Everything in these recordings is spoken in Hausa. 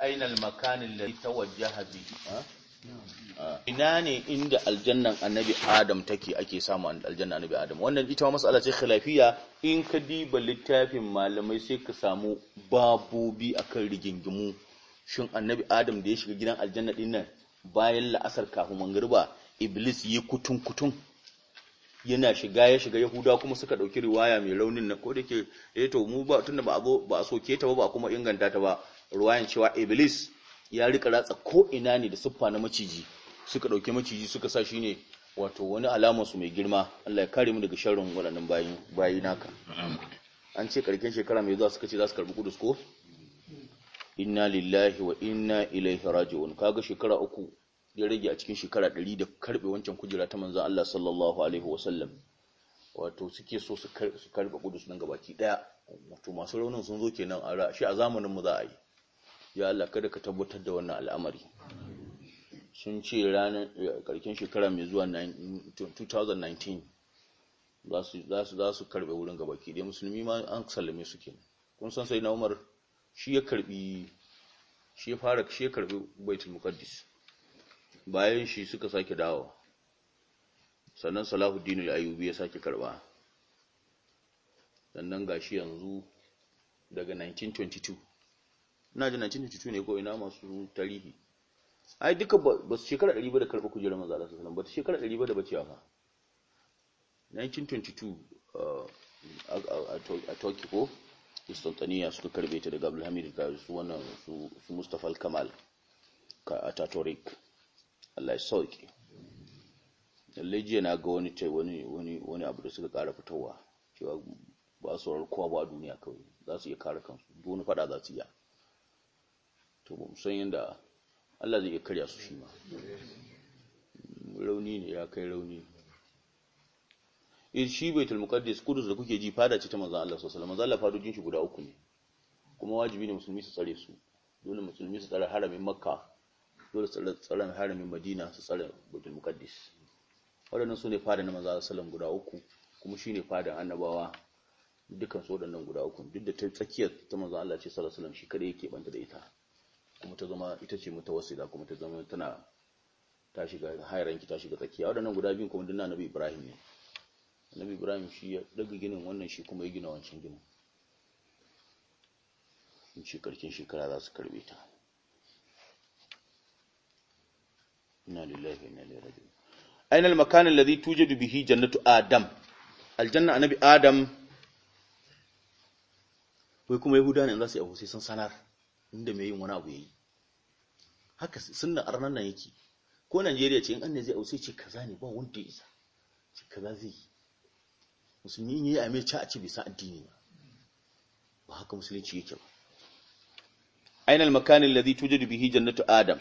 aina makanin makan ta tawajjaha ina ne inda aljannan annabi adam take ake samu aljannan annabi adam wannan ita ma mas'ala ce khilafiya in ka diba littafin malamai sai ka samu babobi akan rigingimu shin annabi adam da ya shiga gidan aljanna din nan bayan la'asar kafin ba, iblis yi kutun kutun yana shiga ya shiga yahuda kuma suka dauki riwaya mai raunin na ko dake eh to mu ba tunda ba a so ba ta ba ba kuma inganta ta ba ruwayan cewa iblis ya rika ratsa ko ina ne da siffa na maciji suka dauke maciji suka sa shi ne wato wani alama su mai girma Allah ya kare mu daga sharrin waɗannan bayin bayi naka an ce karken shekara mai zuwa suka ce za su karbi kudus ko inna lillahi wa inna ilaihi raji'un kaga shekara uku ya rage a cikin shekara 100 da karbe wancan kujera ta manzon Allah sallallahu alaihi wa sallam wato suke so su karbe kudus nan gabaki daya wato masu raunin sun zo kenan a shi a zamanin mu za a yi ya Allah kada ka tabbatar da wannan al'amari sun ce ranar karkin shekara mai zuwa 2019 za su karbe wurin gaba ke dai musulmi ma an sallame su ke kun san sai na umar shi ya karbi shi ya fara shi ya karbi baitul muqaddis bayan shi suka sake dawo sannan salahuddin al-ayyubi ya sake karba sannan gashi yanzu daga 1922 ina jin 1952 ne ko ina masu tarihi ai duka ba su shekara 100 ba da karɓi kujerar manzo Allah sallallahu ba ta shekara 100 ba da bacewa fa 1922 uh, a Turkey ko Istanbul suka karbe ta daga Hamid da su wannan su Mustafa Kamal ka Atatürk Allah ya sauke lallai jiya na ga wani wani wani wani abu da suka ƙara fitowa cewa ba su kowa ba a duniya kawai za su iya kare kansu duk wani fada za su iya to ba san yadda Allah zai iya karya su shi ma rauni ne ya kai rauni in eh, shi bai talmukaddis kudus da kuke ji fada ce ta maza Allah sallallahu alaihi wasallam manzon Allah fadojin shi guda uku ne kuma wajibi ne musulmi su tsare su dole musulmi su tsare haramin makka dole su tsare haramin madina su tsare baitul muqaddas waɗannan su ne fada na maza Allah guda uku kuma shi ne fada annabawa dukkan su waɗannan guda uku duk da ta tsakiyar ta maza Allah ce sallallahu alaihi wasallam shi kare yake banta da ita kuma ta zama ita ce mutawassila kuma ta zama tana ta shiga hairanki ta shiga tsakiya waɗannan guda biyun kuma dinna annabi Ibrahim ne annabi Ibrahim shi ya daga ginin wannan shi kuma ya gina wancan ginin in ce karkin shekara za su karbe ta inna lillahi inna ilaihi ainihin aina al-makan alladhi tujadu bihi jannatu adam aljanna annabi adam wai kuma yahuda ne za su yi abu sai sun sanar inda mai yin wani abu yayi haka sunna arnan nan yake ko Najeriya ce in annai ne zai auce ce kaza ne ba wanda ya isa ce kaza zai yi musulmi yayi a mai ci a ci bisa addini ba ba haka musulunci yake ba aina al-makan alladhi tujadu bihi jannatu adam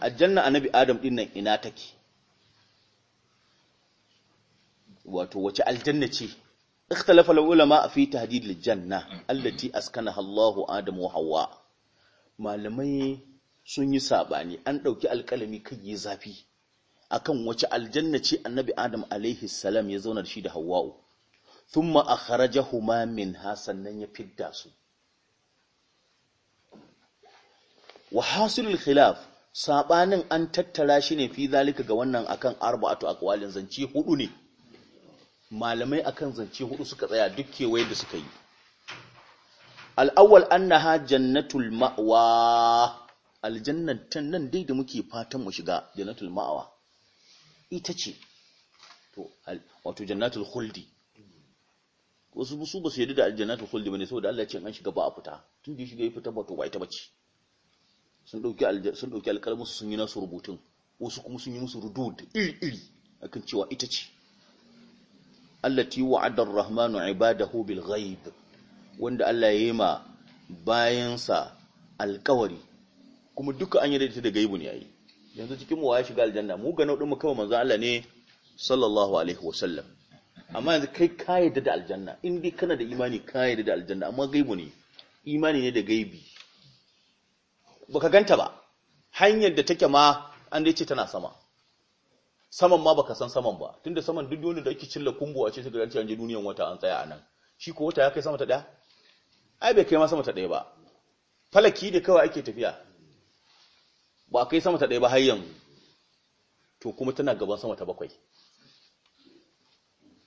aljanna annabi adam din nan ina take wato wace aljanna ce ikhtalafa al-ulama fi tahdid al-janna allati askanaha Allah Adam wa Hawwa malamai sun yi sabani an ɗauki alƙalami kai yi zafi akan wace aljanna ce annabi adam alaihi ya zauna da shi da hawa'u thumma humamin hasan nan ya fidda su wa hasilul khilaf sabanin an tattara shi ne fi zalika ga wannan akan arba'atu aqwalin zance hudu ne malamai akan zance hudu suka tsaya duk kewaye da suka yi al'awwal ha jannatul ma’awa aljannatan nan dai da muke fatan mu shiga jannatul ma’awa ita ce wato jannatul huldi wasu busu ba su yadda da aljannatul ba ne saboda Allah ce an shiga ba a fita tun da shiga ya fita ba to ba ita ba ce, sun dauki alƙalmin su sun yi nasu rubutun wasu kuma sun yi musu rudud iri iri kan cewa ita ce allati wa'ada ar-rahmanu ibadahu bil ghaib wanda Allah ya yi ma bayansa alkawari kuma duka an yi da ta da gaibu ne yayi yanzu cikin mu ya shiga aljanna mu ga naudin mu kawai manzo Allah ne sallallahu alaihi wa sallam. amma yanzu kai ka yadda da aljanna in dai kana da imani ka yadda da aljanna amma gaibu ne imani ne da gaibi baka ganta ba hanyar da take ma an dai ce tana sama saman ma baka san saman ba tunda saman duk wani da ake cilla kumbu a ce sai ga an ce an je duniyan wata an tsaya anan shi ko wata ya kai sama ta daya ai bai kai ma sama ta ɗaya ba falaki da kawai ake tafiya ba kai sama ta ɗaya ba har yanzu to kuma tana gaban sama ta bakwai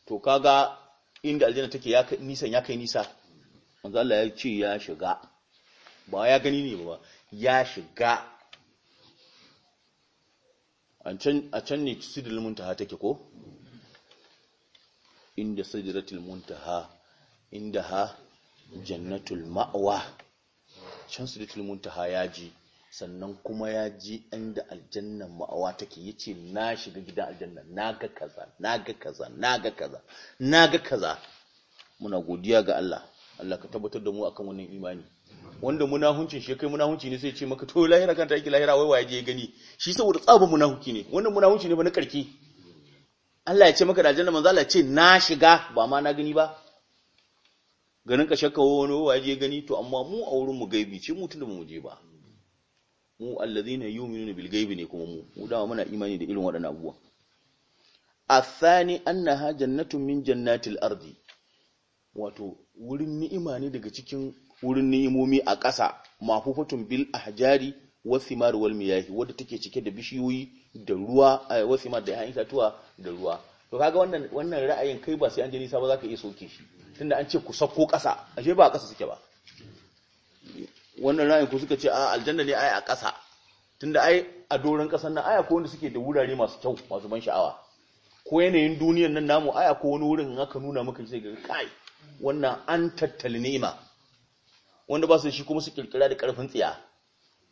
to kaga inda aljanna take ya kai nisan ya kai nisa manzo Allah ya ce ya shiga ba ya gani ne ba ya shiga a can ne sidil muntaha take ko inda sidratul muntaha inda ha jannatul ma'awa can su suratul muntaha ya ji sannan kuma ya ji inda aljannan ma'awa take yace na shiga gidan aljanna ga kaza na ga kaza na ga kaza na ga kaza muna godiya ga Allah Allah ka tabbatar da mu akan wannan imani wanda munahuncin shi kai hunci ne sai ya ce maka to lahira kanta yake lahira wai waye je gani shi saboda muna munahuki ne wannan hunci ne ba na karki Allah ya ce maka da aljanna manzo Allah ya ce na shiga ba ma na gani ba ganin ka shakka wani waje gani to amma mu a wurin mu gaibi ce mu tunda mu je ba mu allazina yu'minuna bil gaibi ne kuma mu mu dama muna imani da irin waɗannan abubuwa athani annaha jannatun min jannatil ardi wato wurin ni'ima ne daga cikin wurin ni'imomi a ƙasa mafufatun bil ahjari wa thimar wal miyahi wadda take cike da bishiyoyi da ruwa eh, wa thimar da ya itatuwa da ruwa to kaga wannan wannan ra'ayin kai ba sai an je nisa ba zaka iya soke shi tunda an ce ku sako ƙasa ashe ba a kasa suke ba wannan ra'ayin ku suka ce a aljanna ne ai a ƙasa tunda ai a doron ƙasar nan aya ko wanda suke da wurare masu kyau masu ban sha'awa ko yanayin duniyar nan namu aya ko wani wurin aka nuna maka sai ga kai wannan an tattali ni'ima wanda ba su shi kuma su kirkira da karfin tsiya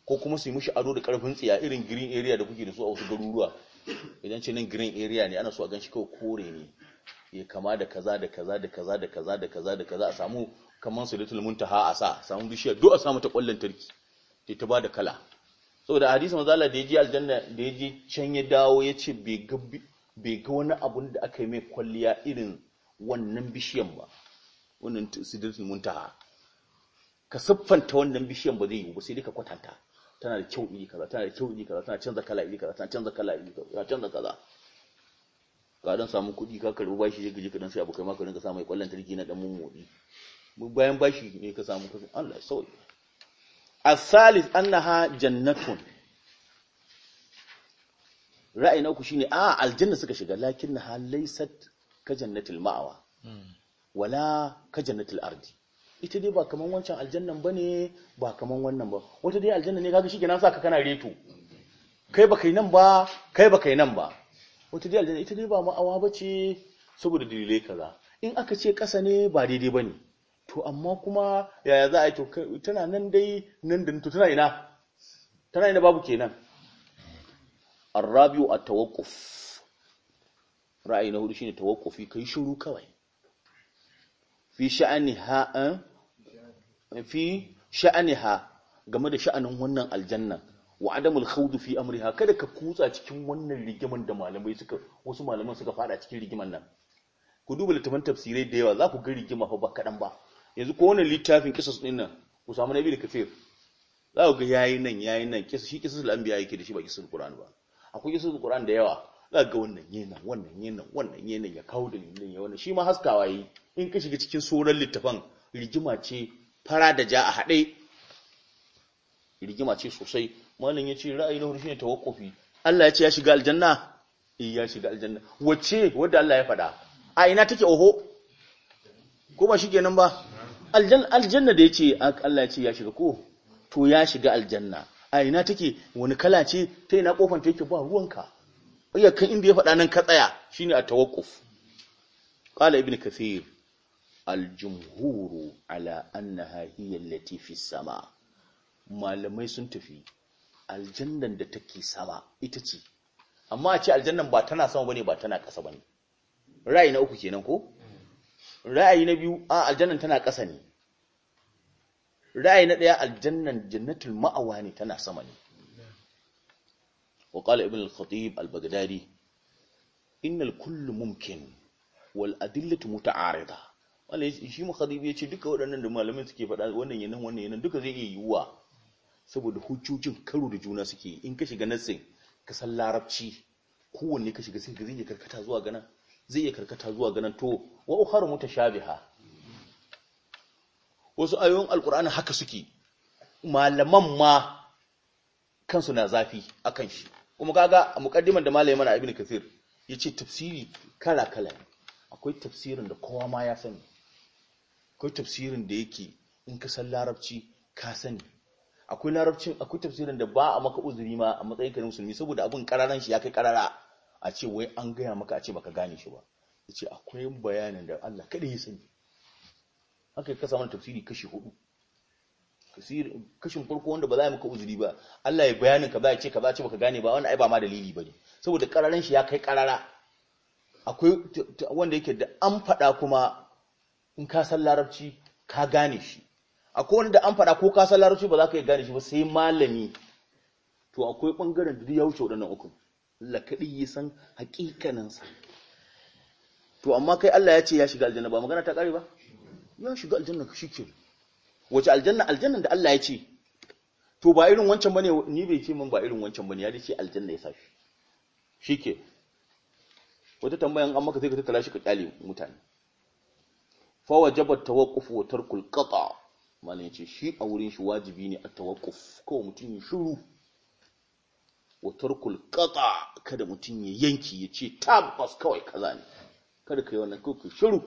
ko kuma su yi mishi ado da karfin tsiya irin green area da kuke da su a wasu garuruwa idan ce nan green area ne ana so a ganshi kawai kore ne ya eh, kama da kaza da kaza da kaza da kaza da kaza da kaza a samu kaman su little muntaha a sa samu bishiya Do a samu ta kwallon tarki ta ta bada kala saboda hadisi manzo da yaji aljanna da yaji can ya dawo ya ce bai ga wani abun da aka yi mai kwalliya irin wannan bishiyan ba wannan su sidratul muntaha ka siffanta wannan bishiyan ba zai yi ba sai dai ka kwatanta tana da kyau iri kaza tana da kyau iri kaza tana canza kala iri kaza tana canza kala iri kaza tana canza kaza ka dan samu kuɗi ka karbi bashi sai gaji ka dan sai abokai ma ka rinka samu kwallon tarki na dan mummudi bayan bashi ne ka samu kasan Allah ya sauke asalis annaha jannatun ra'ayi na uku shine a ah, aljanna suka shiga lakinnaha laysat ka Jannatul ma'wa hmm. wala ka Jannatul ardi ita dai ba kaman wancan aljannan ne, ba kaman wannan ba wata dai aljanna ne kaga shikenan saka kana reto kai ba kai nan ba kai ba kai nan ba wata dai aljanna ita dai ba ma'awa ba ce, saboda dalilai kaza in aka ce ƙasa ne ba daidai ba ne. to amma kuma yaya za a yi to tana nan dai nan da to tana ina tana ina babu kenan arrabiu at-tawaqquf ra'ayi na hudu shine tawaqqufi kai shiru kawai fi sha'ani ha'an eh? fi sha'aniha game da sha'anin wannan aljanna wa adamul khawdu fi amriha kada ka kutsa cikin wannan rigiman da malamai suka wasu malaman suka fada cikin rigiman nan ku duba littafin tafsirai da yawa za ku ga rigima fa ba kadan ba yanzu ko wannan littafin kisas din nan ku samu nabi da kafir za ku ga yayi nan yayi nan kisa shi kisasul anbiya yake da shi ba kisasul qur'an ba akwai kisasul qur'an da yawa za ga wannan nan wannan nan wannan nan ya kawo da ya wannan shi ma haskawa yi in ka shiga cikin soran littafan rigima ce fara da ja a haɗe rigima ce sosai malin ya ce ra'ayi na hurshi ne wakofi Allah ya ce ya shiga aljanna eh ya shiga aljanna wace wanda Allah ya faɗa a ina take oho ko ba shi nan ba aljanna da ya ce, Allah ya ce ya shiga ko to ya shiga aljanna a ina take wani kala ce ta ina kofar ta yake ba ruwanka ayyakan inda ya faɗa nan ka tsaya shine a tawakkuf qala ibn kathir aljumhuru ala annaha hiya allati fi sama malamai sun tafi aljannan da take sama ita ce amma a ce aljannan ba tana sama bane ba tana ƙasa bane ra'ayi na uku kenan ko ra'ayi na biyu a aljannan tana ƙasa ne ra'ayi na ɗaya aljannan jannatul ma'awa ne tana sama ne wa qala ibn al-khatib al-baghdadi innal kullu mumkin wal adillatu muta'arida malai shi mukhadibi ya ce duka waɗannan da malamin suke faɗa wannan yanan wannan yanan duka zai iya yiwuwa saboda hujjojin karo da juna suke in ka shiga nassin ka san larabci kowanne ka shiga sai zai iya karkata zuwa gana zai iya karkata zuwa gana to wa ukhar mutashabiha wasu ayoyin alqur'ani haka suke malaman ma kansu na zafi akan shi kuma kaga a muqaddiman da malamin mana ibnu kathir yace tafsiri kala kala akwai tafsirin da kowa ma ya sani akwai tafsirin da yake in ka san larabci ka sani akwai larabcin akwai tafsirin da ba a maka uzuri ma a matsayin karin musulmi saboda abin kararan shi ya kai karara a ce wai an gaya maka a ce baka gane shi ba ce akwai bayanin da Allah kada ya sani haka ka samu tafsiri kashi hudu kashin farko wanda ba za a maka uzuri ba Allah ya bayanin ka ba ya ce ka ba ce baka gane ba wannan ai ba ma dalili bane saboda kararan shi ya kai karara akwai wanda yake da an faɗa kuma in ka san larabci ka gane shi akwai wani da an faɗa ko ka san larabci ba za ka iya gane shi ba sai malami to akwai ɓangaren da ya wuce waɗannan uku Allah kaɗi yi san haƙiƙaninsa to amma kai Allah ya ce ya shiga aljanna ba magana ta ƙare ba ya shiga aljanna shi ke wace aljanna aljannan da Allah ya ce to ba irin wancan bane ni bai ce min ba irin wancan bane ya dace aljanna ya sa shi ke wata tambayan an maka sai ka tattala shi ka kyale mutane fawa jabar tawaqquf wa tarkul qata mana ce shi a wurin shi wajibi ne a tawakuf kawai mutum ya shiru wa tarkul qata kada mutum ya yanki ya ce tabbas kawai kaza ne kada kai wannan kawai shiru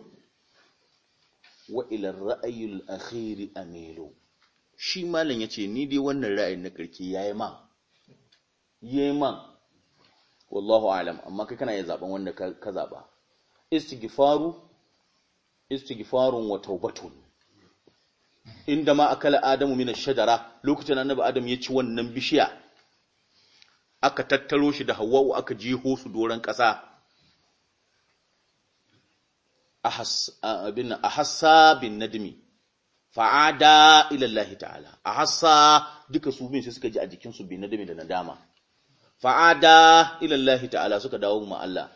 wa ila akhiri a amilu shi malam yace ni dai wannan ra'ayin na karki yayi man yayi man wallahu alam amma kai kana ya zaben wanda ka zaba istighfaru istighfarun wa taubatun inda ma akala adamu min ash-shajara lokacin annabi adam ya ci wannan bishiya aka tattaro shi da hawwa'u aka jiho su doran ƙasa bin ahassa bin nadmi fa'ada ila Allah ta'ala ahassa duka su bin suka ji a jikin su bin nadmi da nadama fa'ada ila Allah ta'ala suka dawo ma Allah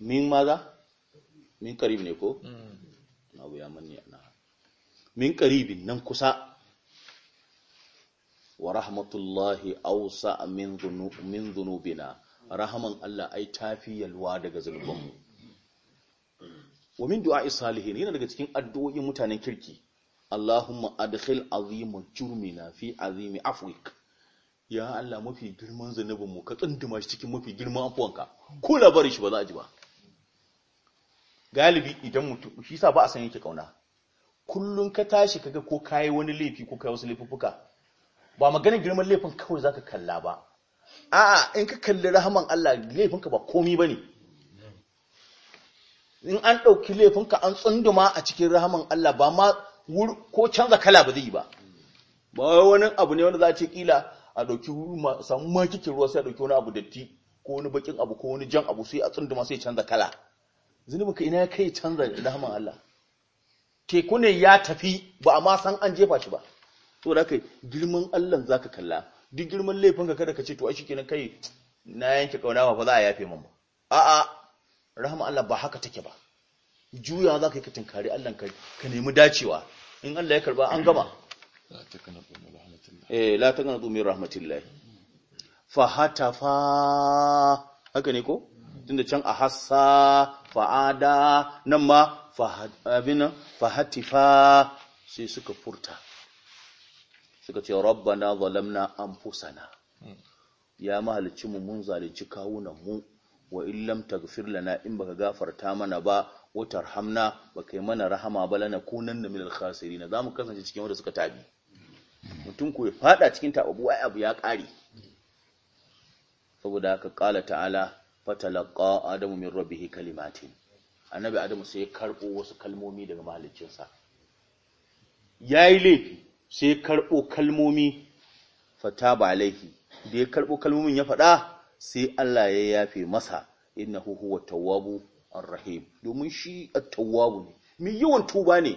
min maza min karib ne ko mm. na abu ya manni na min karibin nan kusa wa rahmatullahi ausa min zunubina rahaman Allah ai tafi yalwa daga zunubanmu. wa min du'a'i salihin yana daga cikin addu'o'in mutanen kirki Allahumma adkhil azima na fi azimi afwik ya Allah mafi girman zanubin ka tsunduma shi cikin mafi girman afuwanka ko labarin shi ba za a ji ba galibi idan mutum shi sa ba a san yake kauna kullum ka tashi kaga ko kayi wani laifi ko kayi wasu laifuffuka ba maganin girman laifin kawai zaka kalla ba a'a in ka kalli rahaman Allah laifinka ba komi bane in an ɗauki laifinka an tsunduma a cikin rahaman Allah ba ma ko canza kala ba zai ba ba wani abu ne wanda za a ce kila a ɗauki samu makikin ruwa sai a ɗauki wani abu datti ko wani bakin abu ko wani jan abu sai a tsunduma sai canza kala zunubin ka ina kai canza rahama Allah teku ne ya tafi ba a ma an jefa shi ba to da kai girman Allah ka kalla duk girman laifin ka kada ka ce to ai shikenan kai na yanke kauna ba za a yafe min ba a'a rahama Allah ba haka take ba juya za ka yi ka tinkari Allah ka ka nemi dacewa in Allah ya karba an gama eh la taqnatu min rahmatillah fa hatafa haka ne ko tunda can a hassa fa'ada nan ma fahatifa sai suka furta suka ce rabbana zalamna fusana. ya mahalicci mu mun zalunci kawunan mu wa illam taghfir lana in baka gafarta mana ba wa tarhamna baka yi mana rahama ba lana kunan kunanna na Za mu kasance cikin wanda suka tabi mutum ko ya fada cikin tababu ai abu ya kare saboda haka qala ta'ala fatalaqa adamu min rabbihi kalimatin annabi adamu sai ya karbo wasu kalmomi daga mahaliccinsa yayi laifi sai ya karbo kalmomi fataba alaihi da ya karbo kalmomin ya faɗa sai Allah ya yafe masa innahu huwa tawwabu arrahim domin shi at-tawwabu ne mai yawan tuba ne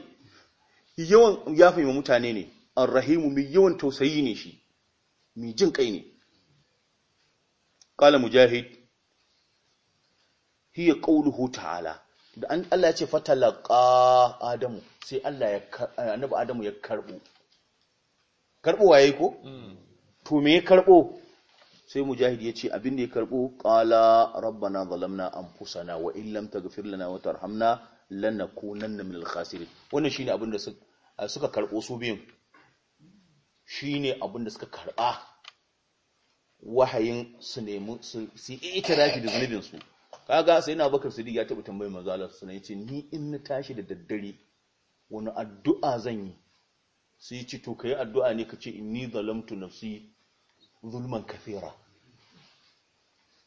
yawan yafe ma mutane ne arrahimu mai yawan tausayi ne shi mai jin kai ne qala mujahid hiya qawluhu ta'ala da an Allah ya ce fatalaqa adamu sai Allah ya annabi adamu ya karbo karbo waye ko hmm. to me ya karbo sai mujahid ya ce abin da ya karbo qala rabbana zalamna anfusana wa in lam taghfir lana wa tarhamna lanakunanna minal khasirin wannan shine abin da suka karbo su biyun shine abin da suka karba wahayin su nemi su yi itirafi da zunubinsu kaga sai na bakar sidi ya taɓa tambayin manzo Allah sallallahu ni in na tashi da daddare wani addu'a zan yi sai ya ci to kai addu'a ne kace inni zalamtu nafsi zulman kafira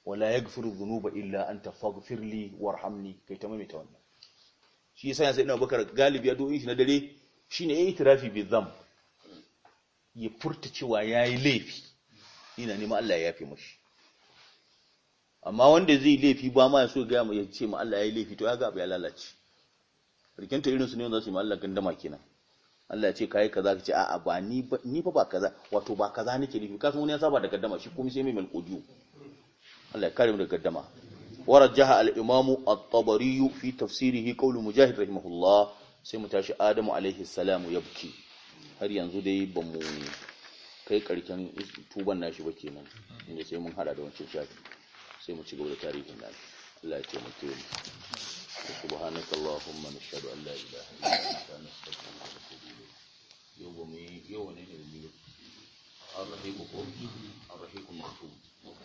wala yaghfiru dhunuba illa anta faghfir li warhamni kai ta maimaita wannan shi yasa sai ina bakar galibi addu'o'in shi na dare shine yayi tirafi bi zam ya furta cewa yayi laifi ina neman Allah ya yafe mashi amma wanda zai laifi ba ma ya so ga ya ce ma Allah ya yi laifi to ya ga abu ya lalace Rikinta irin su ne wanda su ma Allah gandama kenan Allah ya ce kai kaza ka ce a'a ba ni ba ni fa ba kaza wato ba kaza nake Ka san wani ya saba da gandama shi kuma sai mai malkodiyo Allah ya kare mu da gaddama ورجح الإمام الطبري في تفسيره قول مجاهد رحمه الله sai mu tashi Adamu alaihi salamu yabki har yanzu dai ba mu kai karken tuban nashi ba kenan inda sai mun hada da wancan shafi sai mu ci gaba da tarihin nan Allah ya taimake mu subhanaka allahumma nashhadu an la ilaha illa anta nastaghfiruka wa natubu ilayk yau yau ne ne